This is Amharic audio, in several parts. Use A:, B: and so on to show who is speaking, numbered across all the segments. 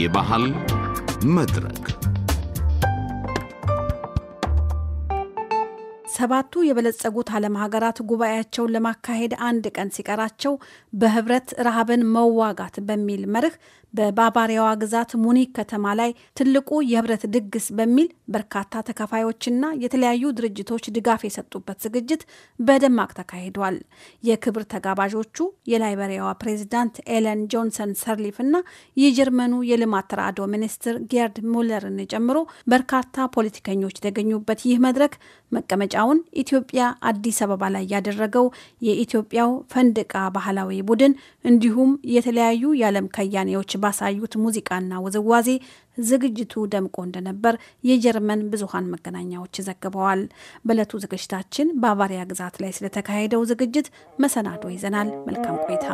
A: የባህል መድረክ ሰባቱ የበለጸጉት ዓለም ሀገራት ጉባኤያቸውን ለማካሄድ አንድ ቀን ሲቀራቸው በህብረት ረሃብን መዋጋት በሚል መርህ በባባሪያዋ ግዛት ሙኒክ ከተማ ላይ ትልቁ የህብረት ድግስ በሚል በርካታ ተካፋዮችና የተለያዩ ድርጅቶች ድጋፍ የሰጡበት ዝግጅት በደማቅ ተካሂዷል። የክብር ተጋባዦቹ የላይበሪያዋ ፕሬዚዳንት ኤለን ጆንሰን ሰርሊፍ እና የጀርመኑ የልማት ተራድኦ ሚኒስትር ጌርድ ሙለርን ጨምሮ በርካታ ፖለቲከኞች የተገኙበት ይህ መድረክ መቀመጫውን ኢትዮጵያ አዲስ አበባ ላይ ያደረገው የኢትዮጵያው ፈንድቃ ባህላዊ ቡድን እንዲሁም የተለያዩ የዓለም ከያኔዎች ባሳዩት ሙዚቃና ውዝዋዜ ዝግጅቱ ደምቆ እንደነበር የጀርመን ብዙሃን መገናኛዎች ዘግበዋል። በዕለቱ ዝግጅታችን ባቫሪያ ግዛት ላይ ስለተካሄደው ዝግጅት መሰናዶ ይዘናል። መልካም ቆይታ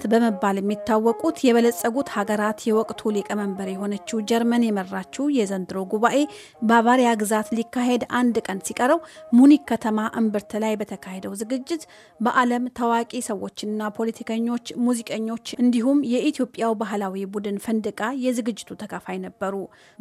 A: ሀገራት በመባል የሚታወቁት የበለጸጉት ሀገራት የወቅቱ ሊቀመንበር የሆነችው ጀርመን የመራችው የዘንድሮ ጉባኤ ባቫሪያ ግዛት ሊካሄድ አንድ ቀን ሲቀረው ሙኒክ ከተማ እምብርት ላይ በተካሄደው ዝግጅት በዓለም ታዋቂ ሰዎችና ፖለቲከኞች፣ ሙዚቀኞች እንዲሁም የኢትዮጵያው ባህላዊ ቡድን ፈንድቃ የዝግጅቱ ተካፋይ ነበሩ።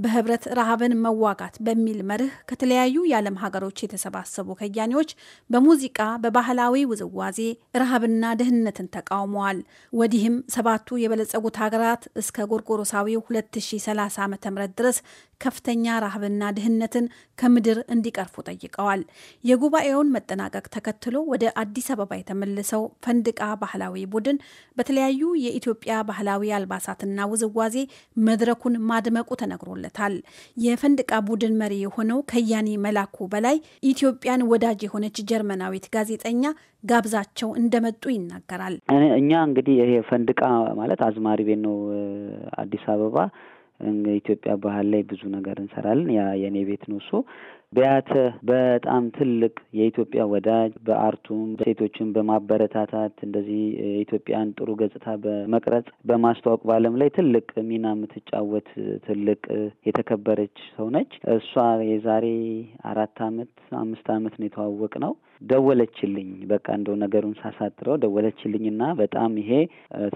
A: በህብረት ረሃብን መዋጋት በሚል መርህ ከተለያዩ የዓለም ሀገሮች የተሰባሰቡ ከያኔዎች በሙዚቃ በባህላዊ ውዝዋዜ ረሃብና ድህነትን ተቃውመዋል። ወዲህም ሰባቱ የበለጸጉት ሀገራት እስከ ጎርጎሮሳዊው 2030 ዓ ም ድረስ ከፍተኛ ረሃብና ድህነትን ከምድር እንዲቀርፉ ጠይቀዋል። የጉባኤውን መጠናቀቅ ተከትሎ ወደ አዲስ አበባ የተመለሰው ፈንድቃ ባህላዊ ቡድን በተለያዩ የኢትዮጵያ ባህላዊ አልባሳትና ውዝዋዜ መድረኩን ማድመቁ ተነግሮለታል። የፈንድቃ ቡድን መሪ የሆነው ከያኒ መላኩ በላይ ኢትዮጵያን ወዳጅ የሆነች ጀርመናዊት ጋዜጠኛ ጋብዛቸው እንደመጡ ይናገራል።
B: እኛ እንግዲህ ይሄ ፈንድቃ ማለት አዝማሪ ቤት ነው አዲስ አበባ ኢትዮጵያ ባህል ላይ ብዙ ነገር እንሰራለን። ያ የእኔ ቤት ነው እሱ። ቢያተ በጣም ትልቅ የኢትዮጵያ ወዳጅ በአርቱም ሴቶችን በማበረታታት እንደዚህ የኢትዮጵያን ጥሩ ገጽታ በመቅረጽ በማስተዋወቅ በዓለም ላይ ትልቅ ሚና የምትጫወት ትልቅ የተከበረች ሰው ነች። እሷ የዛሬ አራት አመት አምስት አመት ነው የተዋወቅ ነው ደወለችልኝ። በቃ እንደው ነገሩን ሳሳጥረው ደወለችልኝና በጣም ይሄ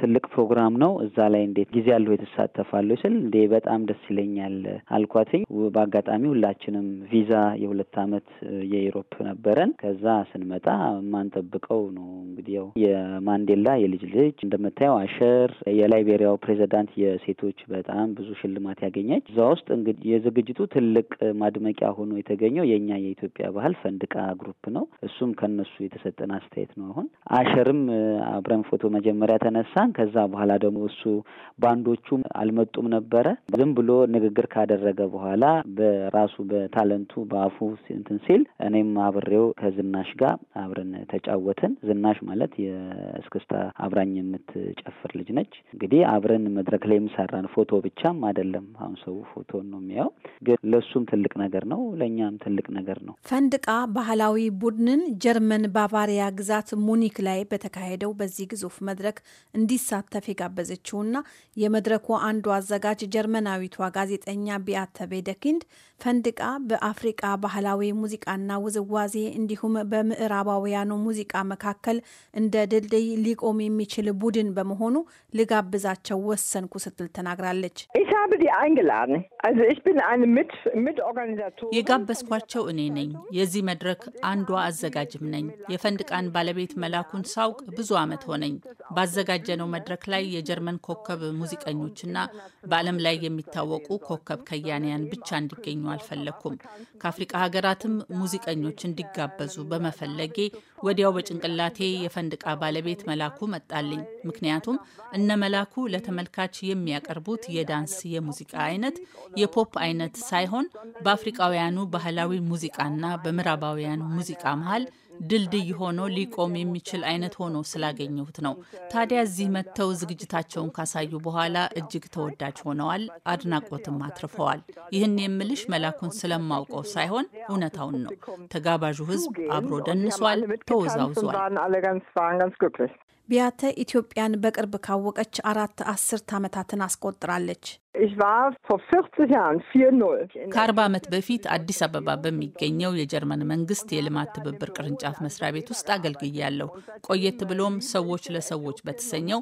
B: ትልቅ ፕሮግራም ነው እዛ ላይ እንዴት ጊዜ ያለሁ የተሳተፋለሁ ስል እንዴ በጣም ደስ ይለኛል አልኳትኝ። በአጋጣሚ ሁላችንም ቪዛ የሁለት አመት የኢሮፕ ነበረን። ከዛ ስንመጣ የማንጠብቀው ነው እንግዲህ ያው የማንዴላ የልጅ ልጅ እንደምታየው አሸር የላይቤሪያው ፕሬዚዳንት የሴቶች በጣም ብዙ ሽልማት ያገኘች እዛ ውስጥ እንግዲህ የዝግጅቱ ትልቅ ማድመቂያ ሆኖ የተገኘው የእኛ የኢትዮጵያ ባህል ፈንድቃ ግሩፕ ነው። እሱም ከነሱ የተሰጠን አስተያየት ነው። አሁን አሸርም አብረን ፎቶ መጀመሪያ ተነሳን። ከዛ በኋላ ደግሞ እሱ ባንዶቹም አልመጡም ነበረ። ዝም ብሎ ንግግር ካደረገ በኋላ በራሱ በታለንቱ በአፉ እንትን ሲል እኔም አብሬው ከዝናሽ ጋር አብረን ተጫወትን። ዝናሽ ማለት የእስክስታ አብራኝ የምትጨፍር ልጅ ነች። እንግዲህ አብረን መድረክ ላይ የምሰራን ፎቶ ብቻም አይደለም። አሁን ሰው ፎቶ ነው የሚያው፣ ግን ለእሱም ትልቅ ነገር ነው፣ ለእኛም ትልቅ ነገር ነው።
A: ፈንድቃ ባህላዊ ቡድንን ጀርመን ባቫሪያ ግዛት ሙኒክ ላይ በተካሄደው በዚህ ግዙፍ መድረክ እንዲሳተፍ የጋበዘችውና የመድረኩ አንዱ አዘጋጅ ጀርመናዊቷ ጋዜጠኛ ቢያተ ቤደኪንድ ፈንድቃ በአፍሪቃ ባህላዊ ሙዚቃና ውዝዋዜ እንዲሁም በምዕራባውያኑ ሙዚቃ መካከል እንደ ድልድይ ሊቆም የሚችል ቡድን በመሆኑ ልጋብዛቸው ወሰንኩ ስትል ተናግራለች።
C: የጋበዝኳቸው እኔ ነኝ። የዚህ መድረክ አንዷ አዘ አዘጋጅም ነኝ። የፈንድቃን ባለቤት መላኩን ሳውቅ ብዙ ዓመት ሆነኝ። ባዘጋጀነው መድረክ ላይ የጀርመን ኮከብ ሙዚቀኞችና በዓለም ላይ የሚታወቁ ኮከብ ከያንያን ብቻ እንዲገኙ አልፈለግኩም። ከአፍሪቃ ሀገራትም ሙዚቀኞች እንዲጋበዙ በመፈለጌ ወዲያው በጭንቅላቴ የፈንድቃ ባለቤት መላኩ መጣልኝ። ምክንያቱም እነ መላኩ ለተመልካች የሚያቀርቡት የዳንስ የሙዚቃ አይነት የፖፕ አይነት ሳይሆን በአፍሪቃውያኑ ባህላዊ ሙዚቃና በምዕራባውያኑ ሙዚቃ መሀል ድልድይ ሆኖ ሊቆም የሚችል አይነት ሆኖ ስላገኘሁት ነው። ታዲያ እዚህ መጥተው ዝግጅታቸውን ካሳዩ በኋላ እጅግ ተወዳጅ ሆነዋል፣ አድናቆትም አትርፈዋል። ይህን የምልሽ መላኩን ስለማውቀው ሳይሆን እውነታውን ነው። ተጋባዡ ህዝብ አብሮ ደንሷል፣ ተወዛውዟል።
A: ቢያተ ኢትዮጵያን በቅርብ ካወቀች አራት አስርት ዓመታትን አስቆጥራለች።
C: ከአርባ ዓመት በፊት አዲስ አበባ በሚገኘው የጀርመን መንግስት የልማት ትብብር ቅርንጫፍ መስሪያ ቤት ውስጥ አገልግያለሁ። ቆየት ብሎም ሰዎች ለሰዎች በተሰኘው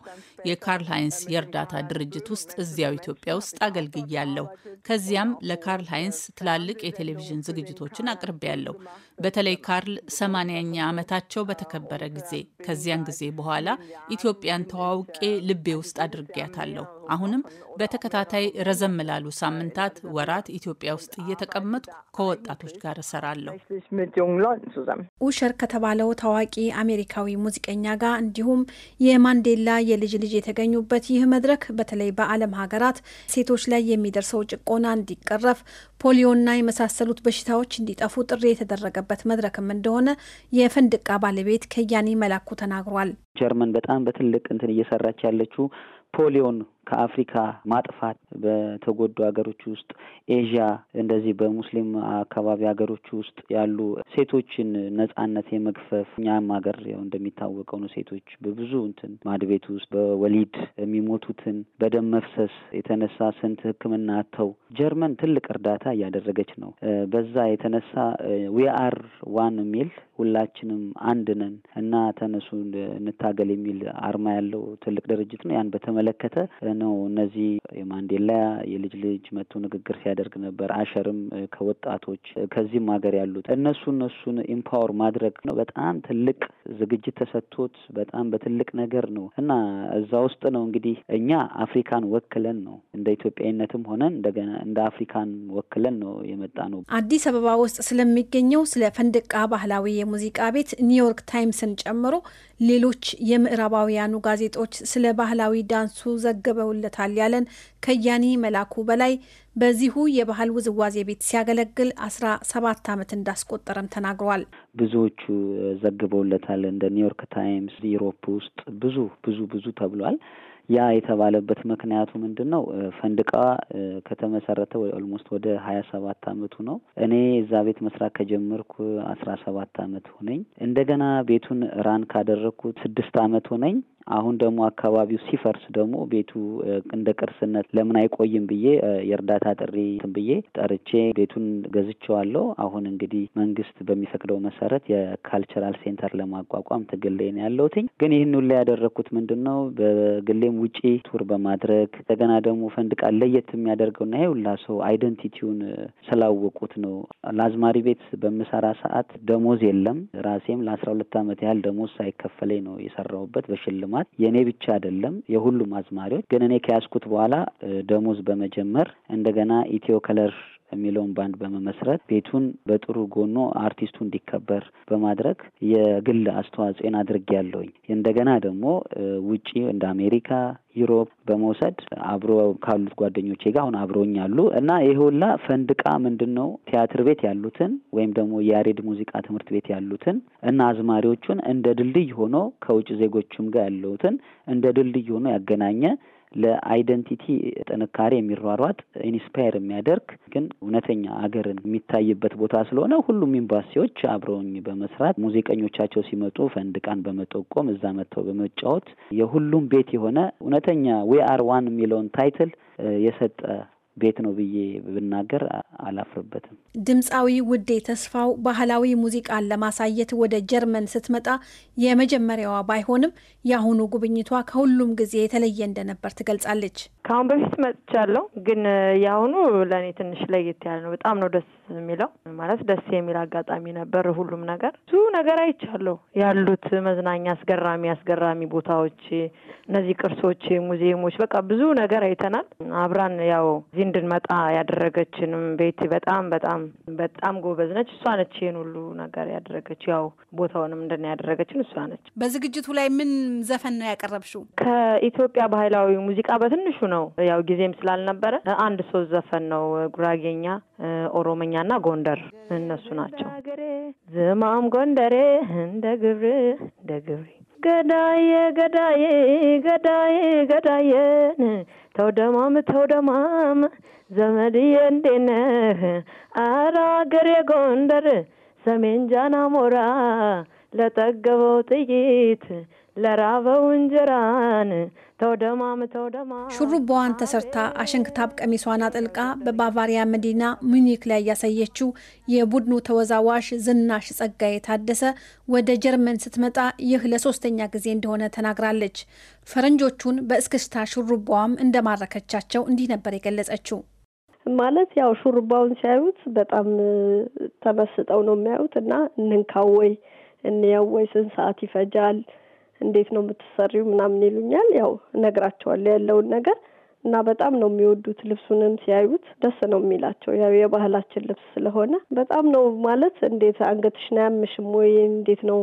C: የካርል ሃይንስ የእርዳታ ድርጅት ውስጥ እዚያው ኢትዮጵያ ውስጥ አገልግያለሁ። ከዚያም ለካርል ሃይንስ ትላልቅ የቴሌቪዥን ዝግጅቶችን አቅርቤያለሁ። በተለይ ካርል ሰማንያኛ ዓመታቸው በተከበረ ጊዜ ከዚያን ጊዜ በኋላ ኢትዮጵያን ተዋውቄ ልቤ ውስጥ አድርጌያታለሁ። አሁንም በተከታታይ ረዘም ላሉ ሳምንታት፣ ወራት ኢትዮጵያ ውስጥ እየተቀመጥኩ ከወጣቶች ጋር እሰራለሁ።
A: ኡሸር ከተባለው ታዋቂ አሜሪካዊ ሙዚቀኛ ጋር እንዲሁም የማንዴላ የልጅ ልጅ የተገኙበት ይህ መድረክ በተለይ በዓለም ሀገራት ሴቶች ላይ የሚደርሰው ጭቆና እንዲቀረፍ ፖሊዮና የመሳሰሉት በሽታዎች እንዲጠፉ ጥሪ የተደረገበት መድረክም እንደሆነ የፈንድቃ ባለቤት ከያኔ መላኩ ተናግሯል።
B: ጀርመን በጣም በትልቅ እንትን እየሰራች ያለችው ፖሊዮን ከአፍሪካ ማጥፋት በተጎዱ ሀገሮች ውስጥ ኤዥያ፣ እንደዚህ በሙስሊም አካባቢ ሀገሮች ውስጥ ያሉ ሴቶችን ነጻነት የመግፈፍ እኛም ሀገር ያው እንደሚታወቀው ነው። ሴቶች በብዙ እንትን ማድቤት ውስጥ በወሊድ የሚሞቱትን በደም መፍሰስ የተነሳ ስንት ሕክምና አተው ጀርመን ትልቅ እርዳታ እያደረገች ነው። በዛ የተነሳ ዊአር ዋን የሚል ሁላችንም አንድ ነን እና ተነሱ እንታገል የሚል አርማ ያለው ትልቅ ድርጅት ነው። ያን በተመለከተ ነው እነዚህ የማንዴላ የልጅ ልጅ መቶ ንግግር ሲያደርግ ነበር። አሸርም ከወጣቶች ከዚህም ሀገር ያሉት እነሱ እነሱን ኢምፓወር ማድረግ ነው። በጣም ትልቅ ዝግጅት ተሰጥቶት በጣም በትልቅ ነገር ነው እና እዛ ውስጥ ነው እንግዲህ እኛ አፍሪካን ወክለን ነው እንደ ኢትዮጵያዊነትም ሆነን እንደገና እንደ አፍሪካን ወክለን ነው የመጣ ነው።
A: አዲስ አበባ ውስጥ ስለሚገኘው ስለ ፈንድቃ ባህላዊ የሙዚቃ ቤት ኒውዮርክ ታይምስን ጨምሮ ሌሎች የምዕራባውያኑ ጋዜጦች ስለ ባህላዊ ዳንሱ ዘገበ አቅርበውለታል ያለን ከያኒ መላኩ በላይ በዚሁ የባህል ውዝዋዜ ቤት ሲያገለግል አስራ ሰባት ዓመት እንዳስቆጠረም ተናግሯል።
B: ብዙዎቹ ዘግበውለታል። እንደ ኒውዮርክ ታይምስ፣ ዩሮፕ ውስጥ ብዙ ብዙ ብዙ ተብሏል። ያ የተባለበት ምክንያቱ ምንድን ነው? ፈንድቃ ከተመሰረተ ኦልሞስት ወደ ሀያ ሰባት አመቱ ነው። እኔ እዛ ቤት መስራት ከጀመርኩ አስራ ሰባት አመት ሆነኝ። እንደገና ቤቱን ራን ካደረግኩት ስድስት አመት ሆነኝ። አሁን ደግሞ አካባቢው ሲፈርስ ደግሞ ቤቱ እንደ ቅርስነት ለምን አይቆይም ብዬ የእርዳታ ጥሪ ብዬ ጠርቼ ቤቱን ገዝቼዋለሁ። አሁን እንግዲህ መንግስት በሚፈቅደው መሰረት የካልቸራል ሴንተር ለማቋቋም ትግል ላይ ነው ግን ይህን ሁሉ ያደረግኩት ምንድን ነው በግሌ ወይም ውጪ ቱር በማድረግ እንደገና ደግሞ ፈንድቃ ለየት የሚያደርገው ና ይሄ ሁላ ሰው አይደንቲቲውን ስላወቁት ነው። ለአዝማሪ ቤት በምሰራ ሰዓት ደሞዝ የለም። ራሴም ለአስራ ሁለት አመት ያህል ደሞዝ ሳይከፈለኝ ነው የሰራውበት በሽልማት የእኔ ብቻ አይደለም የሁሉም አዝማሪዎች። ግን እኔ ከያዝኩት በኋላ ደሞዝ በመጀመር እንደገና ኢትዮ ከለር የሚለውን ባንድ በመመስረት ቤቱን በጥሩ ጎኖ አርቲስቱ እንዲከበር በማድረግ የግል አስተዋጽኦን አድርጌ ያለውኝ እንደገና ደግሞ ውጪ እንደ አሜሪካ ዩሮፕ በመውሰድ አብሮ ካሉት ጓደኞቼ ጋር አሁን አብሮኝ አሉ እና ይህ ሁላ ፈንድቃ ምንድን ነው ቲያትር ቤት ያሉትን ወይም ደግሞ የያሬድ ሙዚቃ ትምህርት ቤት ያሉትን እና አዝማሪዎቹን እንደ ድልድይ ሆኖ ከውጭ ዜጎቹም ጋር ያለውትን እንደ ድልድይ ሆኖ ያገናኘ ለአይደንቲቲ ጥንካሬ የሚሯሯጥ ኢንስፓየር የሚያደርግ ግን እውነተኛ አገርን የሚታይበት ቦታ ስለሆነ ሁሉም ኤምባሲዎች አብረውኝ በመስራት ሙዚቀኞቻቸው ሲመጡ ፈንድቃን በመጠቆም እዛ መጥተው በመጫወት የሁሉም ቤት የሆነ እውነተኛ ዊ አር ዋን የሚለውን ታይትል uh, የሰጠ ቤት ነው ብዬ ብናገር አላፍርበትም።
A: ድምፃዊ ውዴ ተስፋው ባህላዊ ሙዚቃን ለማሳየት ወደ ጀርመን ስትመጣ የመጀመሪያዋ ባይሆንም የአሁኑ ጉብኝቷ ከሁሉም ጊዜ የተለየ እንደነበር ትገልጻለች።
C: ከአሁን በፊት መጥቻለሁ፣ ግን የአሁኑ ለእኔ ትንሽ ለየት ያለ ነው። በጣም ነው ደስ የሚለው ማለት ደስ የሚል አጋጣሚ ነበር። ሁሉም ነገር ብዙ ነገር አይቻለሁ። ያሉት መዝናኛ አስገራሚ አስገራሚ ቦታዎች፣ እነዚህ ቅርሶች፣ ሙዚየሞች፣ በቃ ብዙ ነገር አይተናል። አብራን ያው እዚህ እንድንመጣ ያደረገችንም ቤቲ በጣም በጣም በጣም ጎበዝ ነች። እሷ ነች ይህን ሁሉ ነገር ያደረገች። ያው ቦታውንም እንድና ያደረገችን እሷ ነች።
A: በዝግጅቱ ላይ ምን ዘፈን ነው ያቀረብሽው?
C: ከኢትዮጵያ ባህላዊ ሙዚቃ በትንሹ ነው ያው ጊዜም ስላልነበረ አንድ ሶስት ዘፈን ነው ጉራጌኛ፣ ኦሮመኛ እና ጎንደር እነሱ ናቸው። ዝማም ጎንደሬ እንደ ግብር እንደ ግብር ገዳዬ ገዳዬ ገዳዬ ገዳዬ ተውደማም ተውደማም ዘመድዬ እንዴት ነህ? አረ አገሬ ጎንደር ሰሜን ጃና ሞራ ለጠገበው ጥይት ለራበው እንጀራን
A: ሹሩባዋን ተሰርታ አሸንክታብ ቀሚሷን አጥልቃ በባቫሪያ መዲና ሙኒክ ላይ ያሳየችው የቡድኑ ተወዛዋሽ ዝናሽ ጸጋ የታደሰ ወደ ጀርመን ስትመጣ ይህ ለሶስተኛ ጊዜ እንደሆነ ተናግራለች። ፈረንጆቹን በእስክስታ ሹሩባዋም እንደማረከቻቸው እንዲህ ነበር የገለጸችው። ማለት ያው ሹሩባውን ሲያዩት በጣም ተመስጠው ነው የሚያዩት እና እንንካወይ እንየወይ ስንት ሰዓት ይፈጃል እንዴት ነው የምትሰሪው ምናምን ይሉኛል። ያው እነግራቸዋለሁ ያለውን ነገር እና በጣም ነው የሚወዱት። ልብሱንም ሲያዩት ደስ ነው የሚላቸው። ያው የባህላችን ልብስ ስለሆነ በጣም ነው ማለት እንዴት አንገትሽን አያምሽም ወይ እንዴት ነው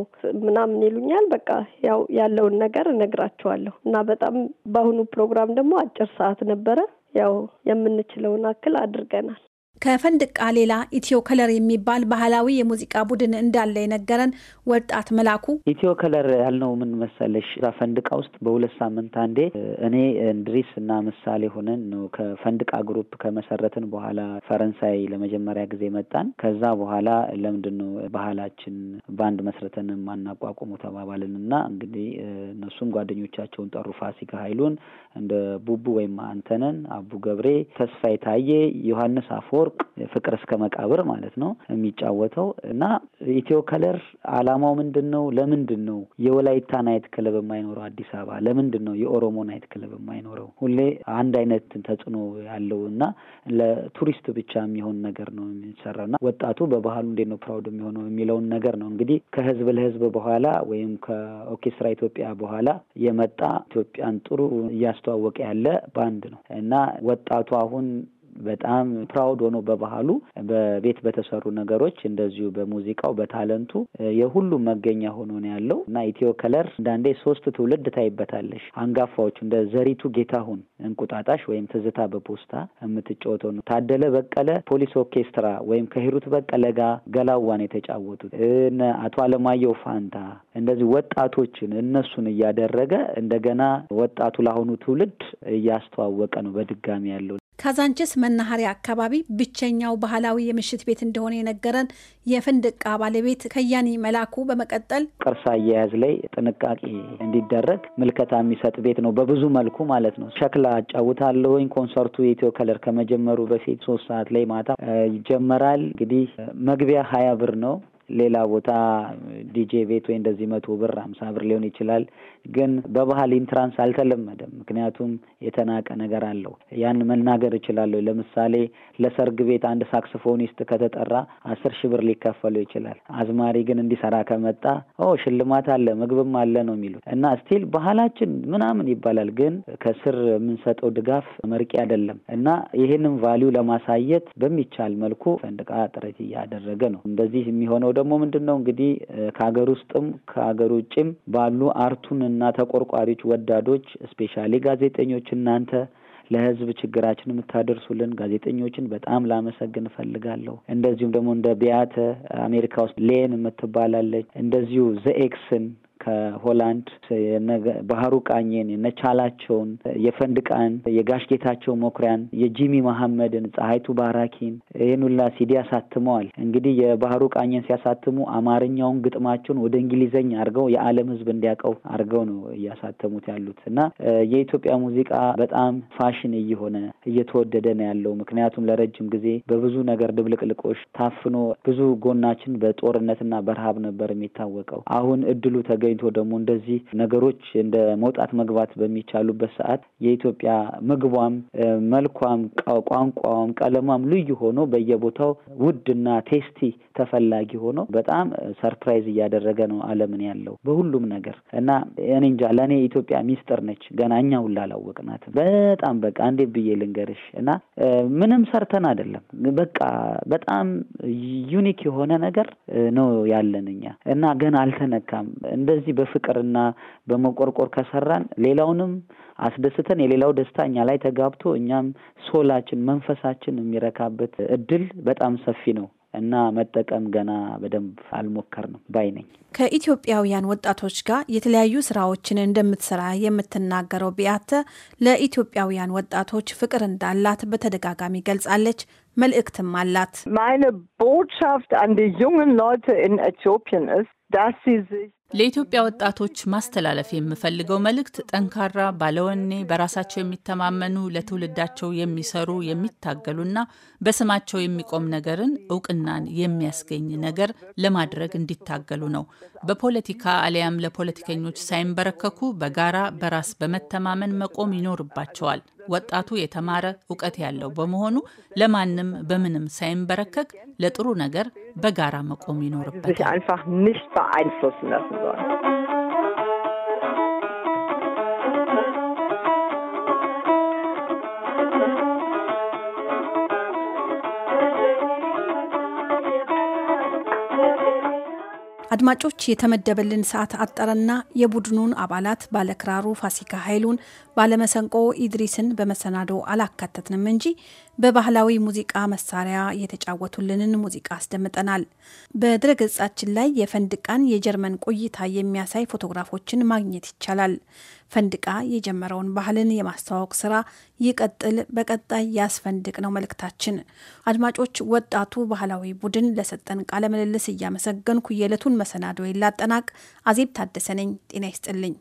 A: ምናምን ይሉኛል። በቃ ያው ያለውን ነገር እነግራቸዋለሁ እና በጣም በአሁኑ ፕሮግራም ደግሞ አጭር ሰዓት ነበረ። ያው የምንችለውን አክል አድርገናል። ከፈንድቃ ሌላ ኢትዮ ከለር የሚባል ባህላዊ የሙዚቃ ቡድን እንዳለ የነገረን ወጣት መላኩ
B: ኢትዮ ከለር ያልነው ምን መሰለሽ፣ እዛ ፈንድቃ ውስጥ በሁለት ሳምንት አንዴ እኔ እንድሪስ እና ምሳሌ ሆነን ነው ከፈንድቃ ግሩፕ ከመሰረትን በኋላ ፈረንሳይ ለመጀመሪያ ጊዜ መጣን። ከዛ በኋላ ለምንድን ነው ባህላችን ባንድ መስረተን ማናቋቁሙ ተባባልን እና እንግዲህ እነሱም ጓደኞቻቸውን ጠሩ። ፋሲከ ኃይሉን እንደ ቡቡ ወይም አንተነን፣ አቡ ገብሬ፣ ተስፋ የታየ፣ ዮሐንስ አፎር ወርቁ ፍቅር እስከ መቃብር ማለት ነው የሚጫወተው እና ኢትዮ ከለር አላማው ምንድን ነው? ለምንድን ነው የወላይታ ናይት ክለብ የማይኖረው አዲስ አበባ? ለምንድን ነው የኦሮሞ ናይት ክለብ የማይኖረው? ሁሌ አንድ አይነት ተጽዕኖ ያለው እና ለቱሪስት ብቻ የሚሆን ነገር ነው የሚሰራው እና ወጣቱ በባህሉ እንዴት ነው ፕራውድ የሚሆነው የሚለውን ነገር ነው እንግዲህ ከህዝብ ለህዝብ በኋላ ወይም ከኦርኬስትራ ኢትዮጵያ በኋላ የመጣ ኢትዮጵያን ጥሩ እያስተዋወቀ ያለ ባንድ ነው እና ወጣቱ አሁን በጣም ፕራውድ ሆኖ በባህሉ በቤት በተሰሩ ነገሮች እንደዚሁ በሙዚቃው በታለንቱ የሁሉም መገኛ ሆኖ ነው ያለው እና ኢትዮ ከለር እንዳንዴ ሶስት ትውልድ ታይበታለሽ። አንጋፋዎቹ እንደ ዘሪቱ ጌታሁን እንቁጣጣሽ ወይም ትዝታ በፖስታ የምትጫወተው ነው። ታደለ በቀለ ፖሊስ ኦርኬስትራ ወይም ከሂሩት በቀለ ጋር ገላዋን የተጫወቱት እነ አቶ አለማየሁ ፋንታ እንደዚህ ወጣቶችን እነሱን እያደረገ እንደገና ወጣቱ ለአሁኑ ትውልድ እያስተዋወቀ ነው በድጋሚ ያለው
A: ካዛንችስ መናኸሪያ አካባቢ ብቸኛው ባህላዊ የምሽት ቤት እንደሆነ የነገረን የፍንድቃ ባለቤት ከያኒ መላኩ በመቀጠል
B: ቅርስ አያያዝ ላይ ጥንቃቄ እንዲደረግ ምልከታ የሚሰጥ ቤት ነው። በብዙ መልኩ ማለት ነው። ሸክላ አጫውታለሁኝ። ኮንሰርቱ የኢትዮ ከለር ከመጀመሩ በፊት ሶስት ሰዓት ላይ ማታ ይጀመራል። እንግዲህ መግቢያ ሀያ ብር ነው። ሌላ ቦታ ዲጄ ቤት ወይ እንደዚህ መቶ ብር አምሳ ብር ሊሆን ይችላል። ግን በባህል ኢንትራንስ አልተለመደም። ምክንያቱም የተናቀ ነገር አለው። ያን መናገር እችላለሁ። ለምሳሌ ለሰርግ ቤት አንድ ሳክስፎኒስት ከተጠራ አስር ሺ ብር ሊከፈሉ ይችላል። አዝማሪ ግን እንዲሰራ ከመጣ ኦ ሽልማት አለ ምግብም አለ ነው የሚሉት እና ስቲል ባህላችን ምናምን ይባላል። ግን ከስር የምንሰጠው ድጋፍ መርቂ አይደለም እና ይህንም ቫሊዩ ለማሳየት በሚቻል መልኩ ፈንድቃ ጥረት እያደረገ ነው እንደዚህ የሚሆነው ደግሞ ምንድን ነው እንግዲህ ከሀገር ውስጥም ከሀገር ውጭም ባሉ አርቱንና ተቆርቋሪዎች ወዳዶች ስፔሻሊ ጋዜጠኞች እናንተ ለህዝብ ችግራችን የምታደርሱልን ጋዜጠኞችን በጣም ላመሰግን እፈልጋለሁ። እንደዚሁም ደግሞ እንደ ቢያተ አሜሪካ ውስጥ ሌን የምትባላለች እንደዚሁ ዘኤክስን ከሆላንድ ባህሩ ቃኘን፣ የነቻላቸውን፣ የፈንድቃን፣ ቃን ጌታቸው መኩሪያን፣ የጂሚ መሐመድን፣ ፀሐይቱ ባራኪን ይህን ሁላ ሲዲ ያሳትመዋል። እንግዲህ የባህሩ ቃኘን ሲያሳትሙ አማርኛውን ግጥማቸውን ወደ እንግሊዘኛ አድርገው የዓለም ህዝብ እንዲያውቀው አድርገው ነው እያሳተሙት ያሉት እና የኢትዮጵያ ሙዚቃ በጣም ፋሽን እየሆነ እየተወደደ ነው ያለው። ምክንያቱም ለረጅም ጊዜ በብዙ ነገር ድብልቅልቆች ታፍኖ ብዙ ጎናችን በጦርነትና በረሃብ ነበር የሚታወቀው። አሁን እድሉ ተገኝ አግኝቶ ደግሞ እንደዚህ ነገሮች እንደ መውጣት መግባት በሚቻሉበት ሰዓት የኢትዮጵያ ምግቧም፣ መልኳም፣ ቋንቋዋም፣ ቀለሟም ልዩ ሆኖ በየቦታው ውድና ቴስቲ ተፈላጊ ሆኖ በጣም ሰርፕራይዝ እያደረገ ነው ዓለምን ያለው በሁሉም ነገር እና እኔ እንጃ ለእኔ ኢትዮጵያ ሚስጥር ነች። ገና እኛ ሁላ አላወቅናትም። በጣም በቃ እንዴ ብዬ ልንገርሽ እና ምንም ሰርተን አይደለም በቃ በጣም ዩኒክ የሆነ ነገር ነው ያለን እኛ እና ገና አልተነካም እንደ በዚህ በፍቅርና በመቆርቆር ከሰራን ሌላውንም አስደስተን የሌላው ደስታ እኛ ላይ ተጋብቶ እኛም ሶላችን መንፈሳችን የሚረካበት እድል በጣም ሰፊ ነው እና መጠቀም ገና በደንብ ነው ባይ
A: ነኝ። ከኢትዮጵያውያን ወጣቶች ጋር የተለያዩ ስራዎችን እንደምትሰራ የምትናገረው ቢያተ ለኢትዮጵያውያን ወጣቶች ፍቅር እንዳላት በተደጋጋሚ ገልጻለች። መልእክትም አላት። ማይነ
C: ቦትሻፍት አንድ ዩንግን jungen Leute in Äthiopien ist, ለኢትዮጵያ ወጣቶች ማስተላለፍ የምፈልገው መልእክት ጠንካራ፣ ባለወኔ፣ በራሳቸው የሚተማመኑ ለትውልዳቸው የሚሰሩ የሚታገሉና በስማቸው የሚቆም ነገርን እውቅናን የሚያስገኝ ነገር ለማድረግ እንዲታገሉ ነው። በፖለቲካ አሊያም ለፖለቲከኞች ሳይንበረከኩ በጋራ በራስ በመተማመን መቆም ይኖርባቸዋል። ወጣቱ የተማረ እውቀት ያለው በመሆኑ ለማንም በምንም ሳይንበረከክ ለጥሩ ነገር በጋራ መቆም ይኖርበታል።
A: አድማጮች የተመደበልን ሰዓት አጠረና የቡድኑን አባላት ባለክራሩ ፋሲካ ኃይሉን፣ ባለመሰንቆ ኢድሪስን በመሰናዶ አላካተትንም እንጂ በባህላዊ ሙዚቃ መሳሪያ የተጫወቱልንን ሙዚቃ አስደምጠናል። በድረገጻችን ላይ የፈንድቃን የጀርመን ቆይታ የሚያሳይ ፎቶግራፎችን ማግኘት ይቻላል። ፈንድቃ የጀመረውን ባህልን የማስተዋወቅ ስራ ይቀጥል፣ በቀጣይ ያስፈንድቅ ነው መልእክታችን። አድማጮች፣ ወጣቱ ባህላዊ ቡድን ለሰጠን ቃለ ምልልስ እያመሰገንኩ የዕለቱን መሰናዶ ላጠናቅ። አዜብ ታደሰ ነኝ። ጤና ይስጥልኝ።